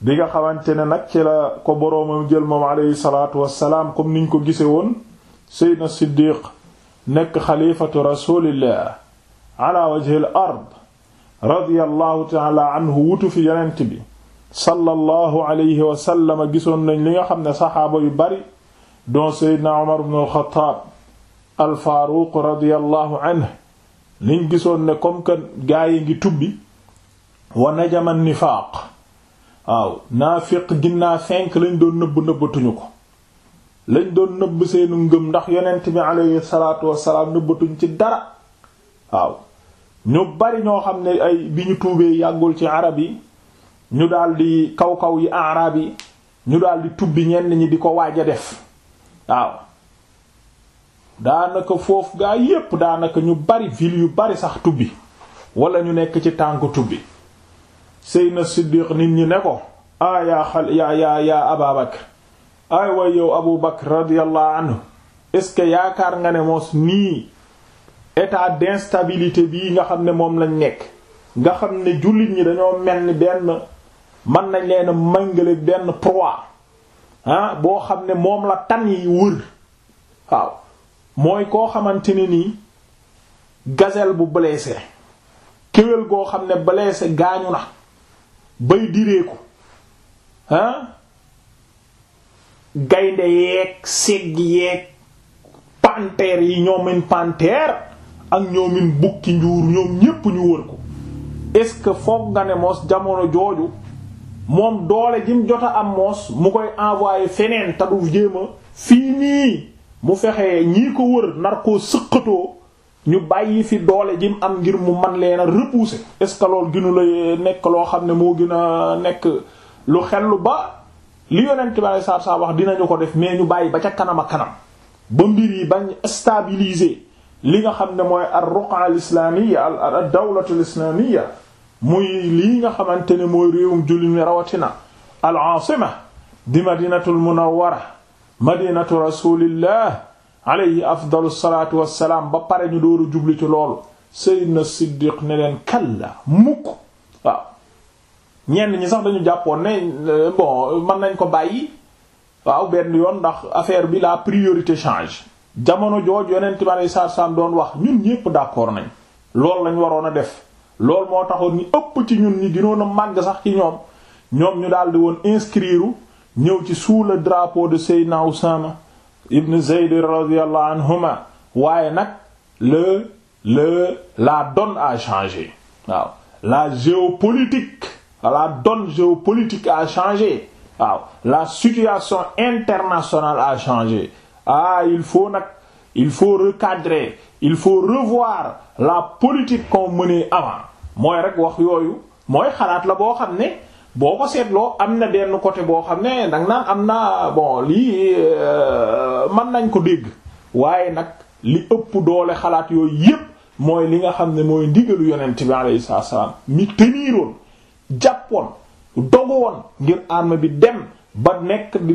bi nga xamante ne nag ci la ko jël moom salaat salaatu wassalaam comme niñ ko gise woon seydna siddiq nekk xalifatu rasulillah ala wajhil ard radiyallahu taala anhu wutu fi yonent bi sallallahu alayhi wa gisoon nañ li nga xam ne saxaaba yu bari don seydna umar ibn al-Khattab al anhu liñ gisoon ne comme que gaa ngi tubbi wa najama nifaaq waaw naafiq ginnaa fenk lañ doon nëbb nëbbatuñu ko lañ doon nëbb seenu ngëm ndax yonent bi alayhi salaatu wassalaam nëbbatuñu ci dara waaw ñu bari ñoo xam ne ay bi ñu tuubee yàggul ci arab yi ñu daldi kaw kaw yi arab yi ñu daldi tubbi ñenn ñi di ko waaj a def waaw daanaka foofu gaa yépp daanaka ñu bari ville yu bari sax tubbi walla ñu nekk ci tànk tubbi Seydina Siddiq nit ñi ne ko a yaa yaa yaa yaa Aba Bakr yow Abu Bakr radiyallahu anhu est-ce que yaakaar nga ne moos nii état d'instabilité bii nga xam ne moom lañ nekk nga xam ne jullit ñi dañoo mel ni benn mën nañ leen mangale benn proie ah boo xam ne moom la tan yi wër mooy koo xamante ne nii gazelle bu blessé kéwél goo xam ne blessé gaañu na bay direeku ah gaynde yeeg segg yeeg panteer yi ñoomin panteer ak ñoomin bukki njuur ñoom ñépp ñu wër ko est-ce que foog nga ne moos jamono jooju moom doole jim jot a am moos mu koy envoyé feneen te du jéema fii nii mu fexe ñii ko wër nar koo sëqatoo ñu bàyyi fi doole ji mu am ngir mu man leen a repousser est ce que la euh, nekk loo xam ne moo gën a nekk lu xellu ba li yonent bi saab saab wax dinañu ko def mais ñu bàyyi ba ca kanam kanam ba mbir yi bañ stabiliser li nga xam ne mooy ar-ruqa al-islamiyya ad-dawlatu al nga xamante ne mooy réewum jullit mi rawatina al-aasima di madinatul munawwara madinatu rasulillah alayhi afdalu salaatu wassalaam ba pare ñu dooru jubli ci loolu sayyidna siddiq ne leen kalla mukk waaw ñenn ñi sax dañu jàppoon ne euh, bon mën nañ ko bàyyi waaw benn yoon ndax affaire bi la priorité change jamono jooj yonent bi alei saatu salaam doon wax ñun ñépp d'accord nañ loolu lañ waroon a def loolu moo taxoon ñu ëpp ci ñun ñi gënoon a màgg sax ci ñoom ñoom ñu daldi woon inscrire ñëw ci sous le drapeau de Seydina Usama ibn Zayd radiyallahu anhuma waaye nag le le la donne a changé waaw la géopolitique la donne géopolitique a changé waaw la situation internationale a changé ah il faut nag il faut recadrer il faut revoir la politique qu'on menait avant mooy rek wax yooyu mooy xalaat la boo xam ne boo ko seetloo am na benn côté boo xam ne danga naan am na bon lii euh, mën nañ ko dégg waaye nag li ëpp doole xalaat yooyu yépp mooy li nga xam ne mooy ndigalu yonent bi alayhi salaam mi teniiroon jàppoon dogu woon ngir arme bi dem ba nekk bi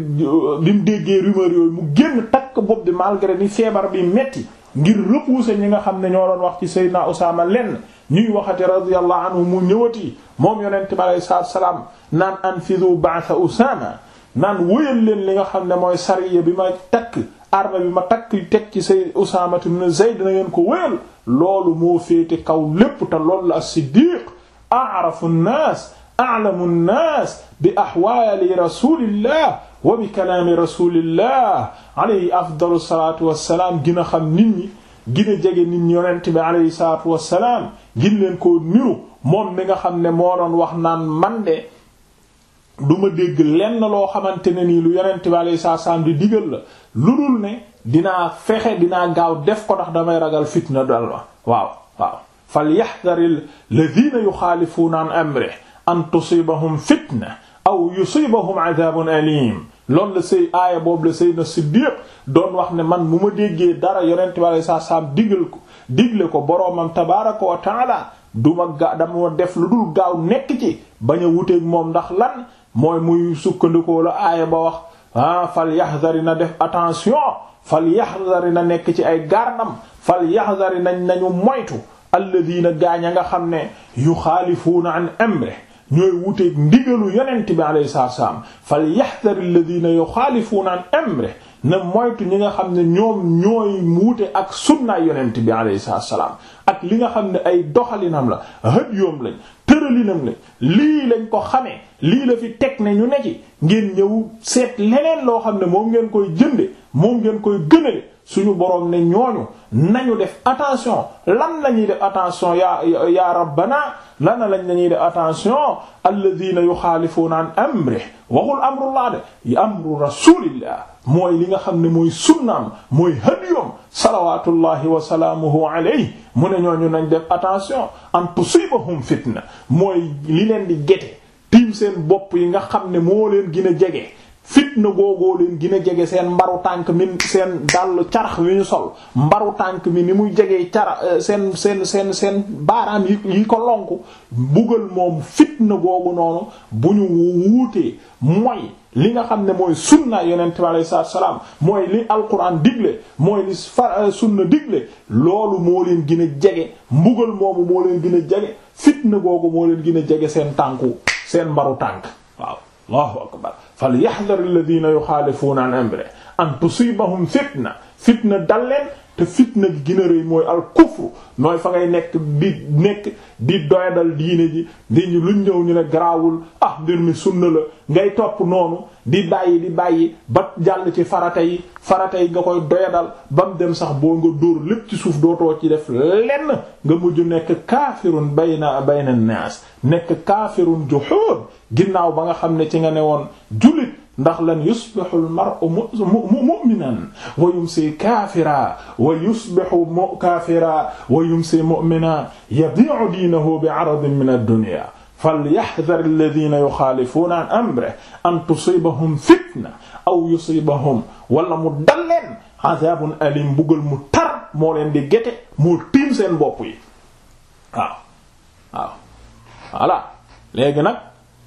mu déggee rumeur yooyu mu génn takk bopp bi malgré ni feebar bi metti ngir repousser ñi nga xam ne ñoo doon wax ci Seydina Usaama lenn ñuy waxati radiyallahu anhu mu ñëwati moom yonent bi aleyhi salaatu salaam naan anfidu a Usaama naan wóyal leen li nga xam ne mooy sariya bi ma takk arme bi ma takk teg ci say Usaama ibn Zayd na ngeen ko wóyal loolu moo féete kaw lépp te loolu la as-Siddiq a'rafu an-naas a'lamu an-naas bi ahwaali rasuulillah wa bi kalaami rasulillah alayhi afdalu salaatu wassalaam gën a xam nit ñi gën jege nit ñi yonent bi alayhi salaatu wassalaam gin leen koo niru moom mi nga xam ne moo doon wax naan man de duma ma dégg lenn loo xamante ne nii lu yonent bi alayhi salaatu wassalaam di digal la lu dul ne dinaa fexe dinaa gaaw def ko ndax damay ragal fitna dal ma waaw waaw falyaxdaril ladina yuxaalifuuna an amrihi an tusibahum fitna aw yusibahum adabun alim loolu la sëy aaya boobu la sëy na Siddiq doon wax ne man mu ma déggee dara yonent bi alei saatu salaam ko digle ko boroomam tabaraka wa la du ma ga dama def lu dul gaaw nekk ci bañ a wuteeg moom ndax lan mooy muy sukkandikoo la aaya ba wax ah fal yaxdari na def attention fal yaxdari na nekk ci ay gaardam fal yaxdari nañ nañu moytu alladina gaañ a nga xam ne yu yuxaalifuuna an amre ñooy wuteeg ndigalu yonent bi alayhi salaam falyahdhar alladhina yukhalifuna an amrihi na moytu ñi nga xam ne ñoom ñooy wuute ak sunnaay yonent bi alayhi salaam ak li nga xam ne ay doxalinam la hëdyoom lañ tëralinam lañ lii lañ ko xamee lii la fi teg ne ñu ne ci ngeen ñëw seet leneen loo xam ne moom ngeen koy jënde moom ngeen koy gënale suñu boroom ne ñooñu nañu def attention lan la ñuy def attention ya ya rabbana lan lañ la def attention alladina yuxaalifuuna an amri waxul amrullah de amru rasulillah mooy li nga xam ne mooy sunnaam mooy hadiyom salawatullahi wa salaamuhu alayhi mu ne ñooñu nañ def attention an tusibahum fitna mooy li leen di gete tiim seen bopp yi nga xam ne moo leen gën a jege fitna googoo leen gën a jege seen mbaru tànk mi seen dàll carax wi ñu sol mbaru tànk mi ni muy jegee cara euh, seen seen seen seen baaraam yi yi ko lonk bugal moom fitna googu noonu bu ñu wuutee mooy li nga xam ne mooy sunna yeneen bi alayhi salaam mooy li alquran digle mooy li euh, sunna digle loolu moo leen gën jege mbugal moomu moo leen gën a jege fitna googu moo leen gën a jege seen tànku seen mbaru tànk waaw allahu akbar falyahdhar alladhina yukhalifuna an amrihi an tusibahum fitna fitna dal leen te fitna gi gën a rëy mooy al kufru nooy fa ngay nekk di nekk di doyadal diine ji di lu ñëw ñu ne garaawul ah mbir mi sunna la ngay topp noonu di bàyyi di bàyyi ba jàll ci farata yi farata yi nga koy doyadal bam dem sax boo nga dóor lépp ci suuf dootoo ci def lenn nga mujj nekk kaafirun bayna bayna naas nekk kaafirun juhud ginnaaw ba nga xam ne ci nga ne woon jullit ndax lan yusbihu al-mar'u mu'minan wa yumsi kaafira wa yusbihu kaafira wa yumsi mu'mina yabi'u diinahu bi'aradin min ad-dunya falyahdhar alladhina yukhalifuna an amrihi an tusibahum fitna aw yusibahum wala mu dal leen adhabun alim bugal mu tar moo leen di gete moo tiim seen bopp yi waaw waaw voilà léegi nag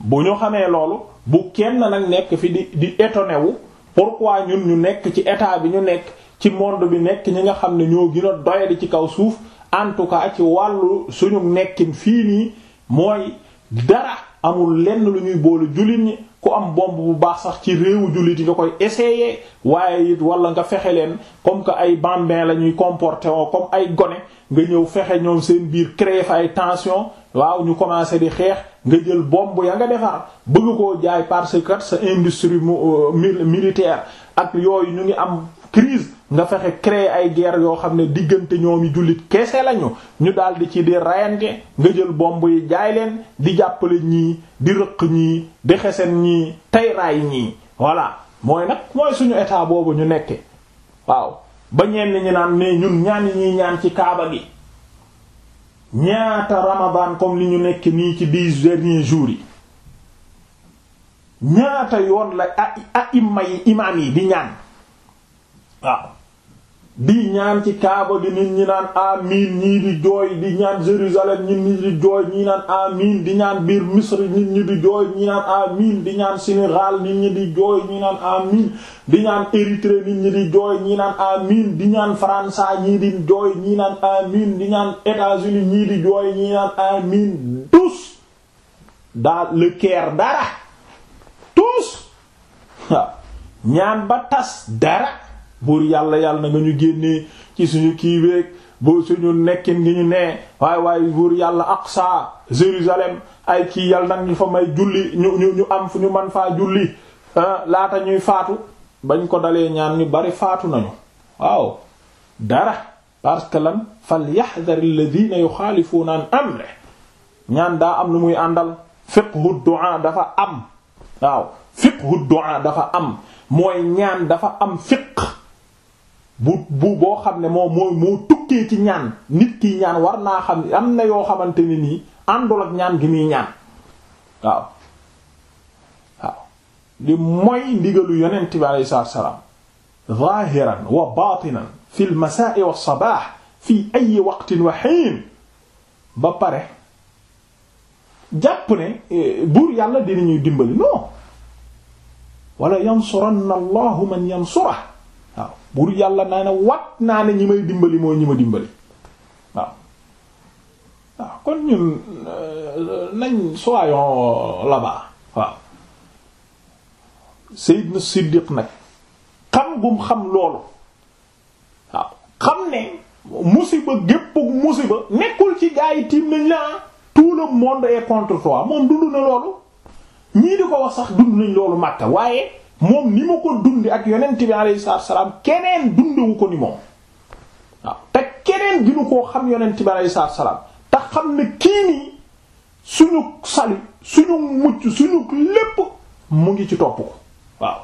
bu ñu xamee loolu bu kenn nag nekk fi di di étonné wu pourquoi ñun ñu nekk ci état bi ñu nekk ci monde bi nekk ñi nga xam ne ñoo gën a doyadi ci kaw suuf en tout cas ci wàllu suñu nekkin fii nii mooy dara amul lenn lu ñuy boole jullit ñi ku am bombe bu baax sax ci réewu jullit yi nga koy essayer waaye it wala nga fexe leen comme que ay bambins la ñuy comporter woo comme ay gone nga ñëw fexe ñoom seen biir créer fa ay tension waaw ñu commencer di xeex. nga jël bomb ya nga defar bëgg ko jaay parce que sa industrie euh, militaire ak yooyu ñu ngi am crise nga fexe créer ay guerre yoo xam ne diggante ñoom yi jullit keese lañu ñu daldi ci di rayante nga jël bomb yi jaay leen di jàppale ñii di rëq ñii di xesen ñii tey raay ñii voilà mooy nag mooy suñu état boobu ñu nekke waaw ba ñenn ñi naan mais ñun ñaan yi ñuy ñaan ci kaaba gi ñaata ramadan comme li ñu nekk nii ci biir derniers jours yi ñaata yoon la a imma yi imaam yi di ñaan di ñaan ci kaaba gi nit ñi naan amin ñii di jooy di ñaan Jérusalem ñi di jooy ñi naan amin di ñaan biir Misr nit di jooy ñi naan amin di ñaan Sénégal nit di jooy ñi naan amin di ñaan Érythrée nit ñi di jooy ñi naan amin di ñaan France ñii di jooy ñi naan amin di ñaan États-Unis ñii di jooy ñi naan amin tous dans le Caire dara tous ñaan ba tas dara buur yàlla yàlla na nga ñu génnee ci suñu kii beeg boo suñu nekkin ngi ñu nee waaye waaye buur yàlla Aqsa Jérusalem ay kii yàlla nag ñu fa may julli ñu ñu ñu am ñu man faa julli ah, laata ñuy faatu bañ ko dalee ñaan ñu bari faatu nañu waaw dara parce que lan falyahdhar alladhina yukhalifuna an amrih ñaan daa am lu muy àndal fiqhu du'a dafa am waaw fiqhu du'a dafa am mooy ñaan dafa am fiqh bu bu boo xam ne moom mooy moo tukkee ci ñaan nit ki ñaan war naa xam am na yoo xamante ne nii àndul ak ñaan gi muy ñaan waaw waaw li mooy ndigalu yonent bi alayhi salaam zaahiran wa baatinan fi l masaai wa sabaax fi ay waqtin wa xiin ba pare jàpp ne e, buur yàlla dinañuy dimbali non wala yansuranna allahu man yansurah buur yàlla naa ne wat naa ne ñi may dimbali mooy ñi ma dimbali waaw waaw kon ñun euh, nañ soyons euh, là-bas waaw Seydina Siddiq nag xam gum xam loolu waaw xam ne musiba gépp musiba nekkul ci gaa yi tiim nañ la tout le monde est contre toi moom dund na loolu ñii di ko wax sax dund nañ loolu màkka waaye moom ni ma ko dundi ak yonent bi alayhi salaatu salaam keneen dundewu ko ni moom waaw te keneen ginu koo xam yonent bi alayhi salaatu salaam te xam ne kii nii suñu salu suñu mucc suñu lépp mu ngi ci topp ko waaw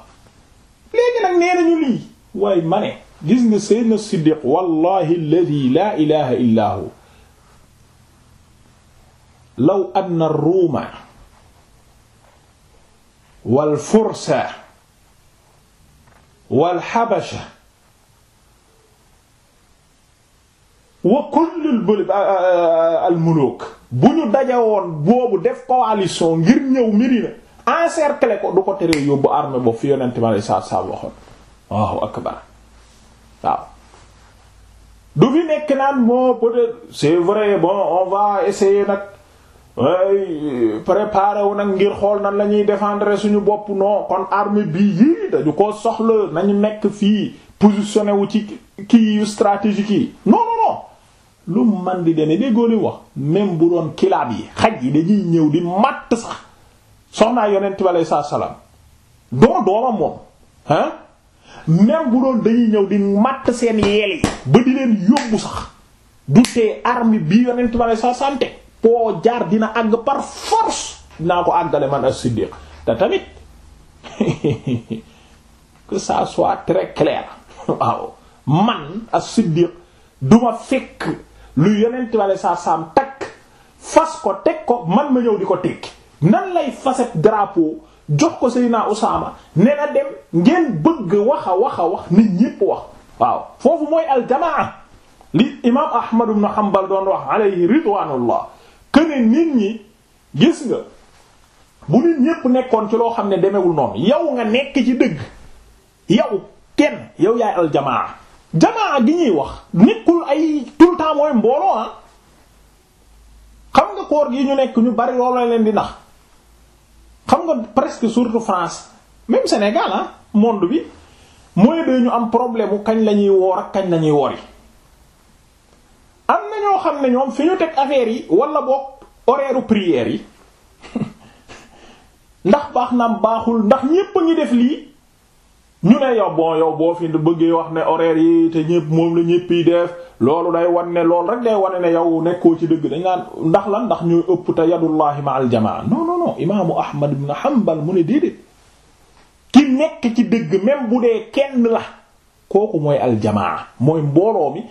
léegi nag nee nañu lii waaye ma ne gis nga sayyidna Siddiq wallahi alladhi laa ilaha illa hu law anna ar-ruuma wal fursa wal xabasha wa kullul al muluk bu ñu dajawoon boobu def coalition ngir ñëw Medina encercler ko du ko teree yóbbu armée boobu fi yonent ma lay saab saab waxoon waaw akbar du fi nekk naan bon peut-être c'est vrai bon on va essayer ay préparé wu nag ngir xool nan lañuy ñuy suñu bopp noo kon armée bii yii dañu ko soxla nañu nekk fii positionné wu ci ki yu stratégique yi non non non lu man di deme déggoo li wax même bu doon kilaab yi xaj yi dañuy ñëw di matt sax soxnaa yonent bi aley saa salaam doo doomam moom ah même bu doon dañuy ñëw di matt seen yeel yi ba di leen yóbbu sax du tee armée bii yonent bi aley saa salaam foo jaar dina àgg par force dinaa ko àggale man as-Siddiq te tamit que ça soit très clair waaw man as-Siddiq duma fekk lu yonent wale sa saam takk fas ko teg ko man ma ñëw di ko tekki nan lay faset drapeau jox ko Seydina Usaama ne na dem ngeen bëgg wax a wax a wax nit ñépp wax waaw foofu mooy aljamaa li imaam Ahmad ibn Hanbal doon wax alayhi ridwaanullah këne nit ñi gis nga bu nit ñépp nekkoon ci loo xam ne demewul noonu yow nga nekk ci dëgg yow kenn yow yaay al jamaa gi ñuy wax nekkul ay tout le temps mooy mbooloo ah xam nga koor gi ñu nekk ñu bari loolu la leen di nax xam nga presque surtout France même Sénégal ah monde bi mooy de ñu am problème mu kañ la ñuy woor ak kañ la ñuy wori na xam ne ñoom fi ñu teg affaire yi wala boog oreeru prière yi ndax baax naam baaxul ndax ñépp a def lii ñu ne yow bon yow boo fi bëggee wax ne horaire yi te ñépp moom la ñépp yi def loolu day wan ne lool rek day wane ne yow nekkoo ci dëgg dañ naan ndax la ndax ñooy ëpp te yadullahi ma al jamaa non non non imaamu Ahmad ibn Hanbal mu ne déedéet ki nekk ci dëgg même bu dee kenn la kooku mooy aljamaa mooy mbooloo mi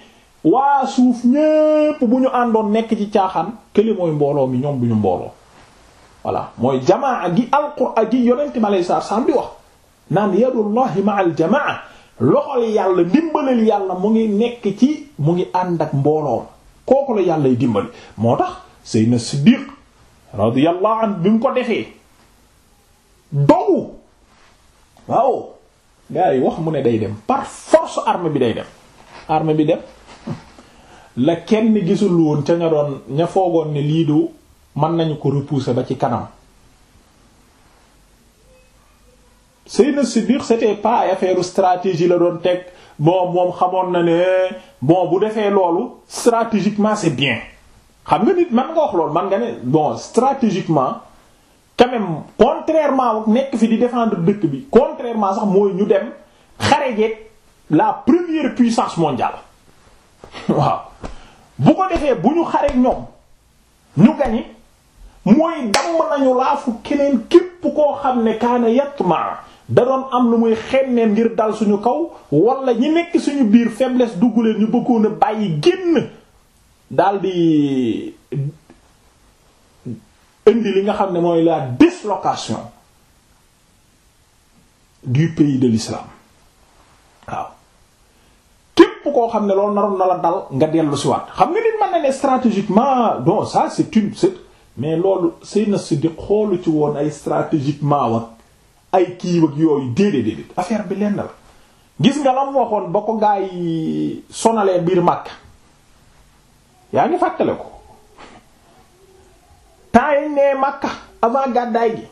waa suuf ñépp bu ñu àndoon nekk ci caaxaan kële mbooloo mi ñoom bu ñu mbooloo voilà mooy jamaa gi alquraan gi yonent ma lay saar saam bi wax naan yadullahi ma al jamaa loxol yàlla ndimbalal yàlla mu ngi nekk ci mu ngi ànd ak mbooloom kooku la yàllay dimbali moo tax Seydina Siddiq radiyallahu anhu bi mu ko defee dow waaw gaa yi wax mu ne day dem par force arme bi day dem arme bi dem la kenn gisul woon ca ña doon ña foogoon ne lii du mën nañu ko repousser ba ci kanam Seydina Siddiq c'était pas affaire stratégie la doon teg bon moom xamoon na ne bon bu defee loolu stratégiquement c'est bien xam nga nit man nga wax loolu man nga ne bon stratégiquement quand même contrairement nekk fi di défendre dëkk bi contrairement sax mooy ñu dem xare la première puissance mondial waaw bu ko defee bu ñu xareek ñoom ñu gañi mooy damm nañu laafu keneen képp koo xam ne kaana yatma da doon am lu muy xemmeen ngir dal suñu kaw wala ñi nekk suñu biir faiblesse dugg leen ñu bëggoon a bàyyi génn daldi indi li nga xam ne mooy la dislocation du pays de l'islam koo xam ne loolu naroon na la dal nga dellu si waat xam nga nit mën na ne stratégiquement bon ça c'est une c'est mais loolu Seydina Siddiq xoolu ci woon ay stratégiquement wak ay kii ak yooyu déedéet déedéet affaire bi lenn la gis nga lam waxoon ba ko gaa sonalee biir Makka yaa ngi fàttale ko temps yañ Makka avant gàddaay gi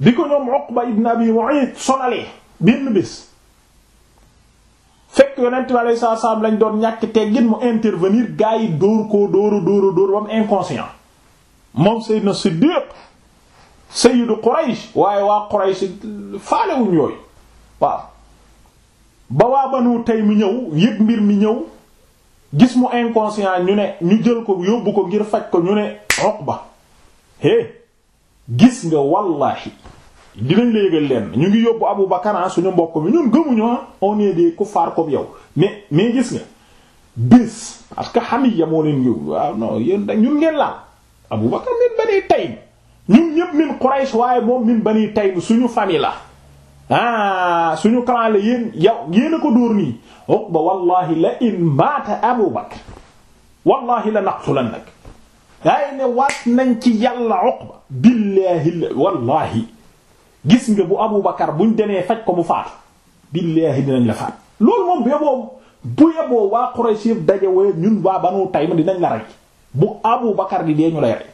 bi ko ñoom Uqba ibn Abi Mu'ayt sonalee benn bés fekk yonent bi alayhi salaam lañ doon ñàkk teggin mu intervenir gars yi dóor ko dóora dóora dóor ba mu inconscient moom Seydina Siddiq Sayyidu Quraysh waaye waa Quraysh faalewuñ yooyu waaw ba waa Banu Taym ñëw yëpp mbir mi ñëw gis mu inconscient ñu ne ñu jël ko yóbbu ko ngir faj ko ñu ne Uqba hé gis nga wallaahi dinañ la leen ñu ngi yóbbu Abu Bakar ah, suñu mbokk mi ñun gëmuñu ah, on est des kufaar comme yow mais mais gis nga bis parce que Hamiyya moo leen yóbbu waaw ah, non yéen ñun ngeen laal Abu Bakar min Bani Taym ñun ñëpp min Quraysh waaye moom min Bani Taym suñu famille la ah suñu clan la yéen yow yéen ko dóor nii Uqba oh, wallahi la in maata Abu Bakar wallahi la naqtulannak yaay ne waat nañ yàlla wallahi gis nga bu Abu Bakar buñ demee faj ko mu faatu billaahi dinañ la faat loolu moom bu yeboo bu yeboo waa Quraysh daje wala ñun waa Banu Taym dinañ la rey bu Abu Bakar di dee ñu lay rey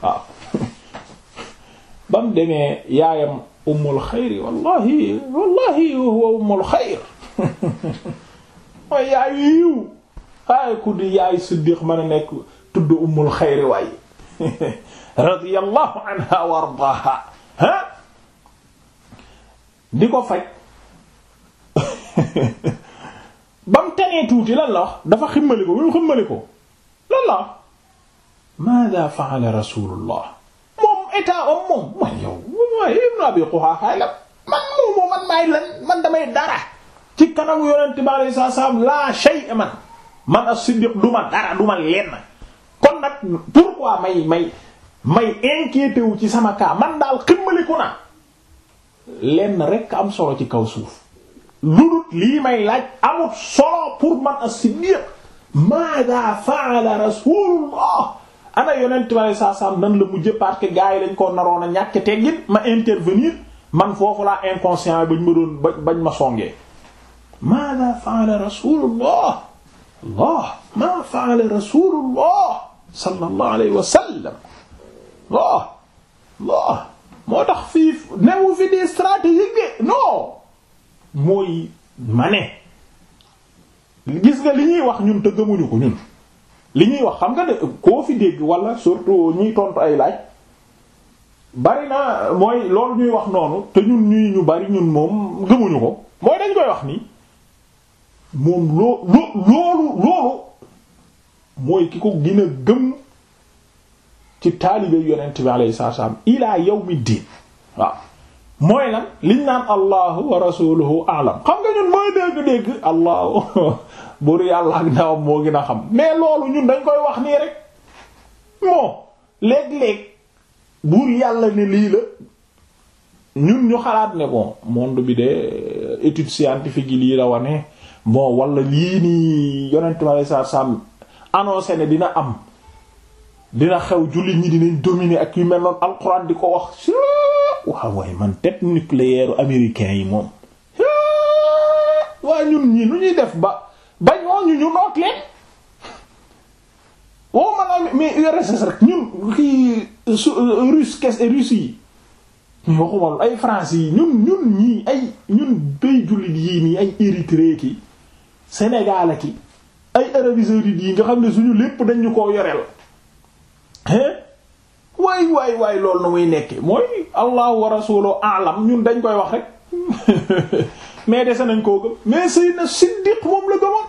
waaw demee yaayam ummul xayri wallahi wallahi huwa ummul ku di yaay siddiq mën a nekk tudd ummul xayri waaye radiyallahu anha wa ardaha di ko faj ba mu tanee tuuti lan la dafa ximmali ko ba mu ximmali ko lan la wax maada fa'ala rasulullah moom état am moom man yow waaye ibn la man moom man maay lan man damay dara ci kanamu yonent bi alayhi salaam la shay man man as-siddiq duma dara duma lenn kon nag pourquoi may may may inquiété ci sama cas man daal ximmaliku na lenn rekk am solo ci kaw suuf lu dul lii may laaj amut solo pour man as-Siddiq maada faala rasulullah ana yonent ma saa nan la mujjee parce que gars yi lañ koo naroon a ñàkk teggin ma intervenir man foofu laa inconscient bañ ma doon bañ ma songee maada faala rasulullah allah ma faala rasulullah sallallahu alayhi wa sallam allah allah moo tax fii newu fi des stratégique bi non mooy ma ne gis nga li ñuy wax ñun te gëmuñu ko ñun li ñuy wax xam nga ne koo fi dégg wala surtout ñiy tontu ay laaj bari na mooy loolu ñuy wax noonu te ñun ñuy ñu bari ñun moom gëmuñu ko mooy dañ koy wax nii moom loo loo loolu loolu mooy ki ko gën gëm ci taalibe yonent bi alayhi salaam ila yawmi diin waaw mooy lan liñ naan allahu wa rasuluhu alam xam nga ñun mooy dégg-dégg allahu buur yàlla ak ndawam moo gën a xam mais loolu ñun dañ koy wax nii rek moo léeg-léeg buur yàlla ne lii la ñun ñu xalaat ne bon monde bi de étude scientifique yi lii la wane bon walla lii nii yonent bi alayhi salaam ne dina am dina xew jullit ñi dinañ dominer ak yu mel noonu alxuraan di ko wax waaw waaye man tête nucléaire américain yi moom waa ñun ñii nu ñuy def ba bañ ñooñu ñu ak leen wow man a mais URSS rek ñun kii russe kes et russe yi ñu waxumal ay France yi ñun ñun ñii ay ñun béy jullit yii nii ay Érythrée ki Sénégal ki ay Arabie saoudite yi nga xam ne suñu lépp dañ ñu ko yoreel waay waay waay loolu nu muy nekkee mooy allahu wa rasuluhu alam ñun dañ koy wax rek mais dese nañ koo gëm mais Seydina Siddiq moom la gëmoon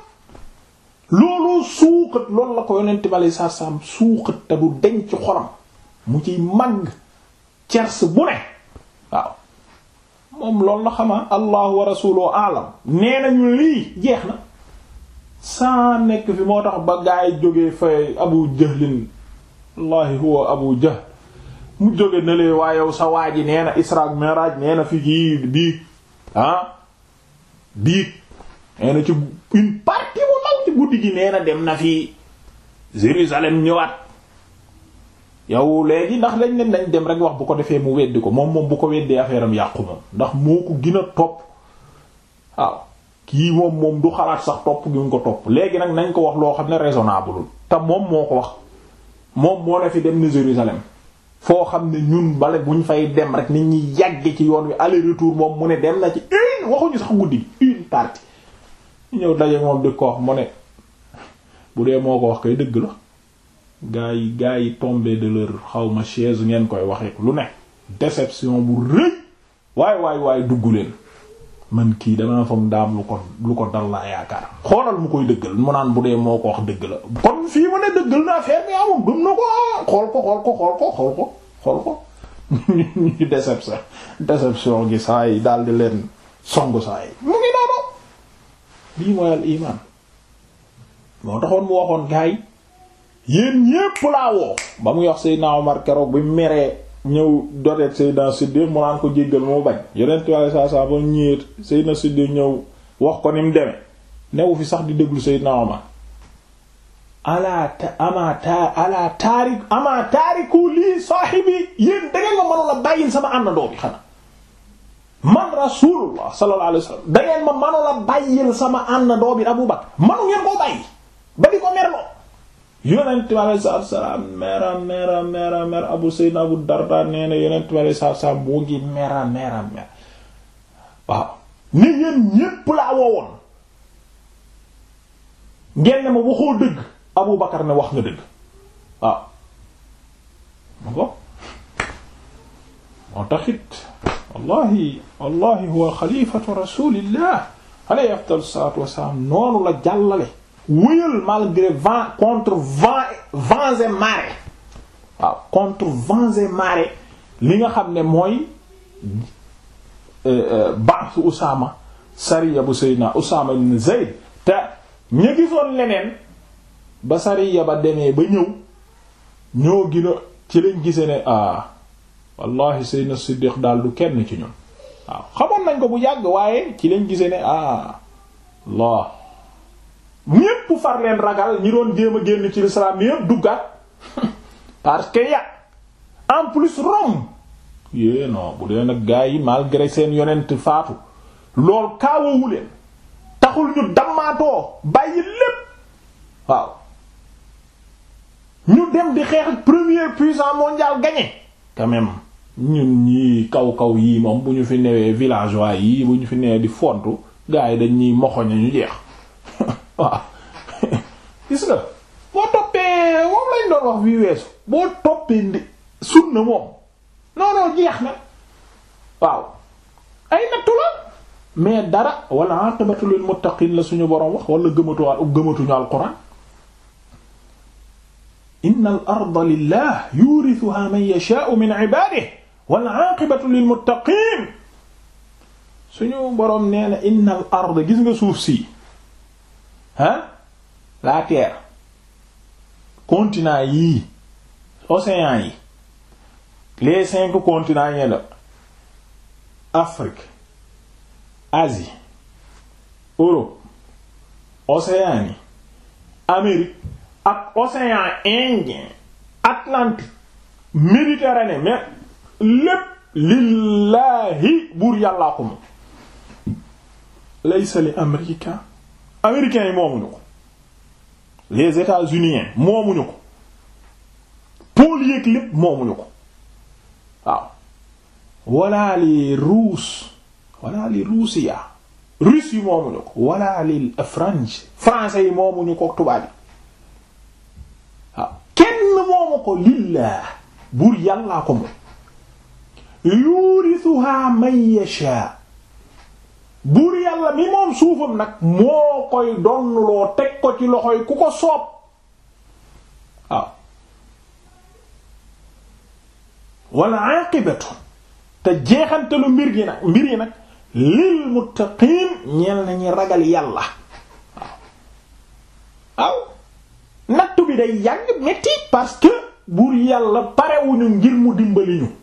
looloo suuxat loolu la ko yonent bi alei saatu salaam suuxat te bu deñ ci xolam mu ciy màgg cers bu ne waaw moom loolu la xamaa allahu wa rasuluhu alam nee nañu lii jeex na saa nekk fi moo tax ba gaay jógee fay Abu Jahlin wallahi huwa abu mu jóge ne lee waa yow sa waa ji nee na isra ak miraaj nee na fi kii biig ah biig nee ci une partie bu law ci guddi gi nee na dem na fi Jérusalem ñëwaat yow léegi ndax dañ leen dañ dem rek wax bu ko defee mu weddi ko moom moom bu ko weddee affaire am yàqu moom ndax moo ko gën a topp waaw kii moom moom du xalaat sax topp gi mu ko topp léegi nag nañ ko wax loo xam ne raisonnable te moom moo ko wax moom moo la fi dem ne Jérusalem foo xam ne ñun bale buñ fay dem rek nit ñi yàgge ci yoon wi aller retour moom mu ne dem na ci une waxuñu sax guddi une partie ñu ñëw daje moom di ko wax mu ne bu dee moo ko wax kay dëgg la gaa yi gaa yi tombé de leur xawma chaise ngeen koy waxee lu ne déception bu rëy waaye waay waaye dugg leen man kii damaa foog daam lu ko lu ko dal laa yaakaar xoolal mu koy dëggal mu naan bu dee moo ko wax dëgg la kon fii ma ne dëggal na affaire bi amul gëm ko xool ko xool ko xool ko xool ko xool ko gi saa yi daal di leen songu saa yi mu ngi noonu lii mooy al iman moo taxoon mu waxoon gaay yéen ñépp laa woo ba mu wax Seydina Omar keroog bi meree ñëw doteet Seydina Siddiq mu naan ko jéggal moo bañ yonent Yàlla saa saa ba ñëwee Seydina Siddiq ñëw wax ko ni mu newu fi sax di déglu Seydina Omar ala ta ama ta taariku lii saahibi yéen da ngeen ma mënoon a bàyyin sama àndandoo bi xanaa man rasulullah sallallahu alayhi wasallam da ma mënoon a bàyyil sama àndandoo bi Abu Bakr manu ngeen koo bàyyi ba di ko merloo yonent bi aleyhi salaatu salaam mera mera mera mera abu sayyid abu darda nee na yonent bi aleyhi salaatu salaam boo ngi mera mera mera waaw ne yéen ñépp laa wowoon ngeen ma waxoo dëgg abu bakar ne wax nga dëgg waaw ma ko moo taxit wallahi wallahi huwa xalifatu rasulillah aleyhi afdalu salaatu wassalaam noonu la jàllale wéyal malgré vent contre vent vents waaw contre vents et li nga xam ne mooy euh, euh, baasu Usaama sariya bu Seydina Usaama ibn Zayd te ña gisoon leneen ba sariya ba demee ba ñëw ñoo gina ci lañ gise ne ah wallahi Seydina Siddiq daal du kenn ci ñun waaw xamoon nañ ko bu yàgg waaye ci lañ gise ne ah Allah ñépp far leen ragal ñi doon jéem a génn ci l'islam yépp duggaat parce que ya en plus Rome yée non bu dee nag gars malgré seen yonent faatu lool kaawawu leen taxul ñu dammaatoo bàyyi lépp waaw ñu dem di xeex ak premier puissant mondial gagné quand même ñun ñii kaw kaw yii moom bu ñu fi newee villageois yii bu ñu fi newee di fontu gars yi dañ ñuy moxoña ñu jeex waaw ah. gis nga boo toppee moom lañ wax bii weesu boo toppee ndi sunna moom noonu jeex na waaw ay nattu la mais dara wala aqibatu lil muttaqin la suñu boroom wax wala gëmatu al gëmatuñu alquran inna al arda lillah yurithuha man yasha'u min ibadihi wal aqibatu lil muttaqin suñu boroom nee na inna al gis nga suuf si hein la terre continent yii océan yi les cinq continents yi la Afrique Asie Europe Océanie Amérique ak océan Indien Atlantique Méditerranée mais lépp lillaahi buur yàllaa ko moom laysa li amrika américains yi moomuñu ko les états-uniens moomuñu ko pôle yéeg lépp moomuñu ko waaw wala li ruus wala li ruusiya russe yi moomuñu ko wala li france français yi moomuñu ko tubaab yi kenn moomu ko lillah buur yàllaa ko moom yurisuha man yasha buur yàlla mi moom suufam nag moo koy donnloo teg ko ci loxo yi ku ko soob waaw wala aqibatu te jeexantalu mbir gi nag mbir yi nag lil muttaqin ñeel nañu ragal yàlla waaw nattu bi day yàgg metti parce que buur yàlla parewuñu ngir mu dimbali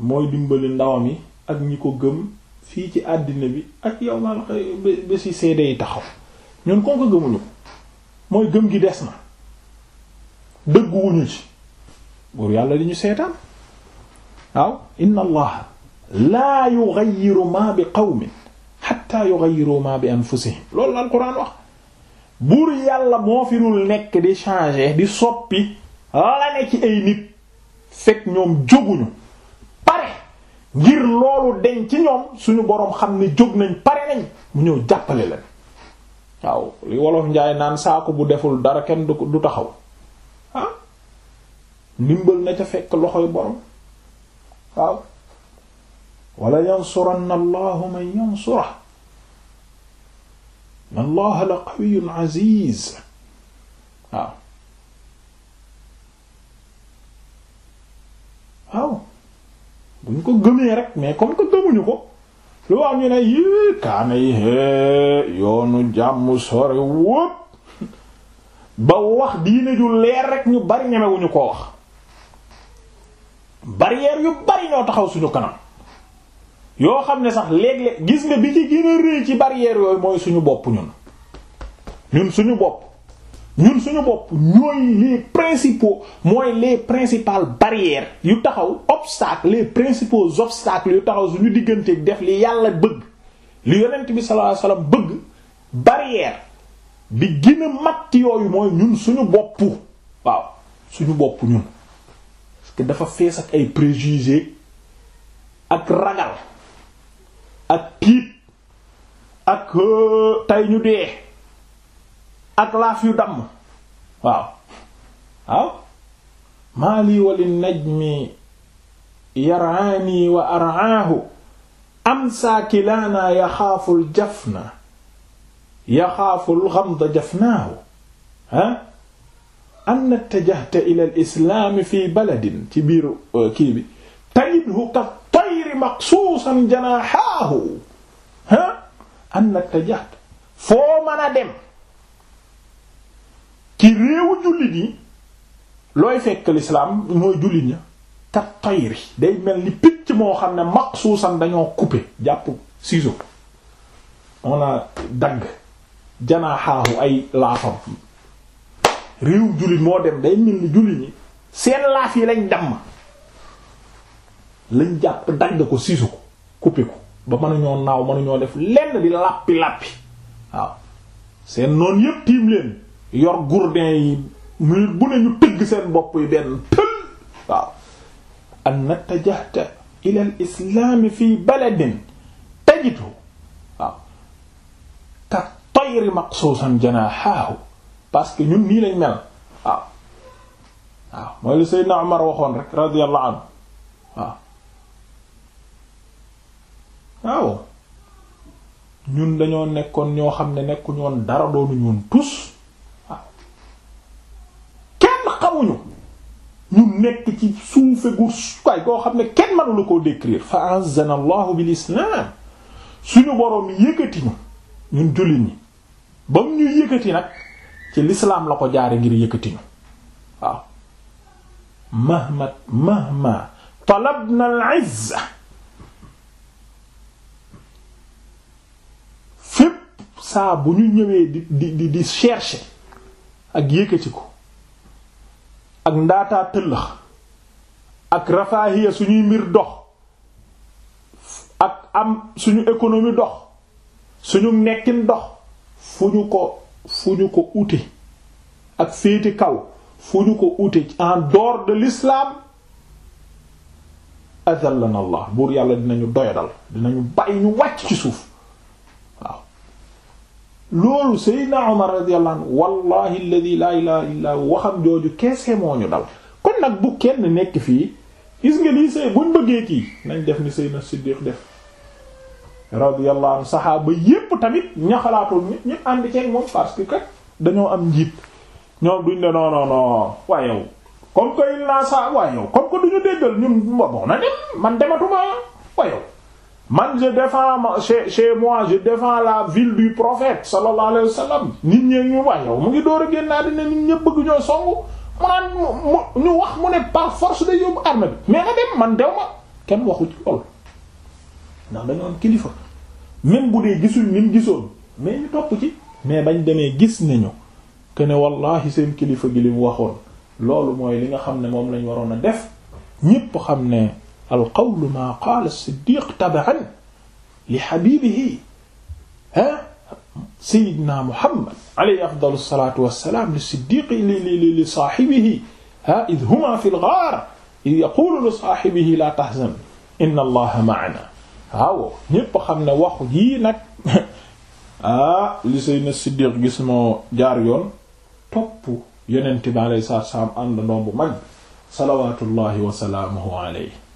mooy dimbali ndawam yi ak ñi ko gëm fii ci àddina bi ak yow maal xëy ba si seede yi taxaw ñun kon ko gëmuñu ko mooy gëm gi des na dëgguwuñu ci buur yàlla di ñu seetaan waaw inna allaha laa yughayyiru ma bi qawmin hatta yughayyiru ma bi anfusihim loolu la alquran wax buur yàlla moo fi dul nekk di changer di soppi la ne ci ay nit fekk ñoom jóguñu ngir loolu deñ ci ñoom suñu boroom xam ne jóg nañ pare nañ mu ñëw jàppale leen waaw wolof njaay naan saako bu deful dara kenn du ko du taxaw ah, ndimbal na ca fekk loxoy boroom waaw wala yansuranna allahu man yansurah inna allaha la qawiyyun aziz waaw buñ ko gëmee rek mais comme que gëmuñu ko lu wax ñu ne yii kaana yi hee yoonu jàmm sore wóop ba wax diine ju leer rek ñu bari ñemewuñu koo wax barrière yu bari ñoo taxaw suñu kanam yoo xam ne sax léeg-léeg gis nga bi ci gën a rëy ci barrière yooyu mooy suñu bopp ñun ñun suñu bopp ñun suñu bopp ñooy les principaux mooy les principales barrières yu taxaw obstacles les principaux obstacles yu taxaw suñu digganteeg def li yàlla bëgg li yonent bi sallallahu alayhi wasallam bëgg barrière bi gën a yooyu mooy ñun suñu boppu waaw suñu bopp ñun parce que dafa fees ak ay préjugés ak ragal ak tiit ak euh, tey ñu dee. ak laaf yu damm waaw waaw maa lii wali najmi yaraani wa araahu amsaa kilaana yaxaafu ljafna yaxaafu lxamda jafnaahu ah anna tajahta ila lislaami fi baladin ci biir uh, kii bi tajidhu ka tayri maqsuusan janaaxaahu ah anna tajahta foo mën a dem ci réewu jullit yi looy fekk lislaam mooy jullit ña kat day mel ni picc moo xam ne maqsuusan dañoo couper jàpp ciseau on a dagg janaaxaahu ay laafam réew jullit moo dem day mel ni jullit ñi seen laaf yi lañ damm lañ jàpp dagg ko siisu ko couper ko ba mënuñoo naaw mënuñoo def lenn di làppi làppi waaw seen noon yépp tiim leen yor gourdin yi muy bu ne tëgg seen bopp yi benn tël waaw an nattajahta ila al fi baladin tajidu waaw ka tayri maqsuusan janaahu parce que ñun nii lañ mel waaw waaw mooy li Seydina Omar waxoon rek radiyallahu anhu waaw waaw ñun dañoo nekkoon ñoo xam ne nekkuñoon dara doonuñu woon tus ñu nekk ci suufe gu sukaay koo xam ne kenn mënu la koo décrire fa anzana allahu bil islam suñu boroom yëkkati ñu ñun jullit ñi ba mu ñu yëkkati nag ci lislaam la ko jaare ngir yëkkati ñu waaw mahmat mahma talabna al izza saa bu ñu ñëwee di di di chercher ak yëkkati ko ak ndaataa tëllëx ak rafaahiya suñuy mbir dox ak am suñu économie dox suñu nekkin dox fu ñu ko fu ñu ko ute ak féete kaw fu ñu ko ute en door de lislaam l'islam azallana allah buur yàlla dinañu doyadal dinañu bàyyi ñu wàcc ci suuf loolu Seydina Omar radiyallahu anhu wallahi alladhi la ilaha waxam jooju keese moo ñu dal kon nag bu kenn nekk fii gis nga lii say buñ bëggee kii nañ def ni Seydina Siddiq def radiyallahu anhu saxaaba yépp tamit ña xalaatul ñu ñépp ànd ceeg moom parce que dañoo am njiit ñoom duñ ne non non non waaye yow comme que il naa sa waaye yow comme que duñu déggal ñun bon na dem man dematuma waaye man je défends chez chez moi je défends la ville du profet sallallahu alayhi wa nit ñee ñu wax yow mu ngi door a génnaa dina nit ñëpp bëgg ñoo songu mu mu ñu wax mu ne par force day yóbbu arme bi mais nga dem man dew ma kenn waxu ci lool ndax dañoo am kilifa même bu dee gisuñ ni gisoon mais ñu topp ci mais bañ demee gis nañu que ne wallahi seen kilifa gi li mu waxoon loolu mooy li nga xam ne moom lañ waroon a def ñépp xam ne alqawlu maa qaala siddiq tabaan li xabibihi ah sayidna muhammad alayhi afdalu salatu wassalam li siddiqi li li saahibihi ah id huma fi lgaar id yaqulu li saahibihi la tahzan inna allaha maana waaw ñépp xam ne wax yii nag ah li saydna siddiq gis moo jaar yoon topp yonente bi alayhi salaatu wa salaam àndandoom bu mag salawatullahi wa salaamuhu alayhi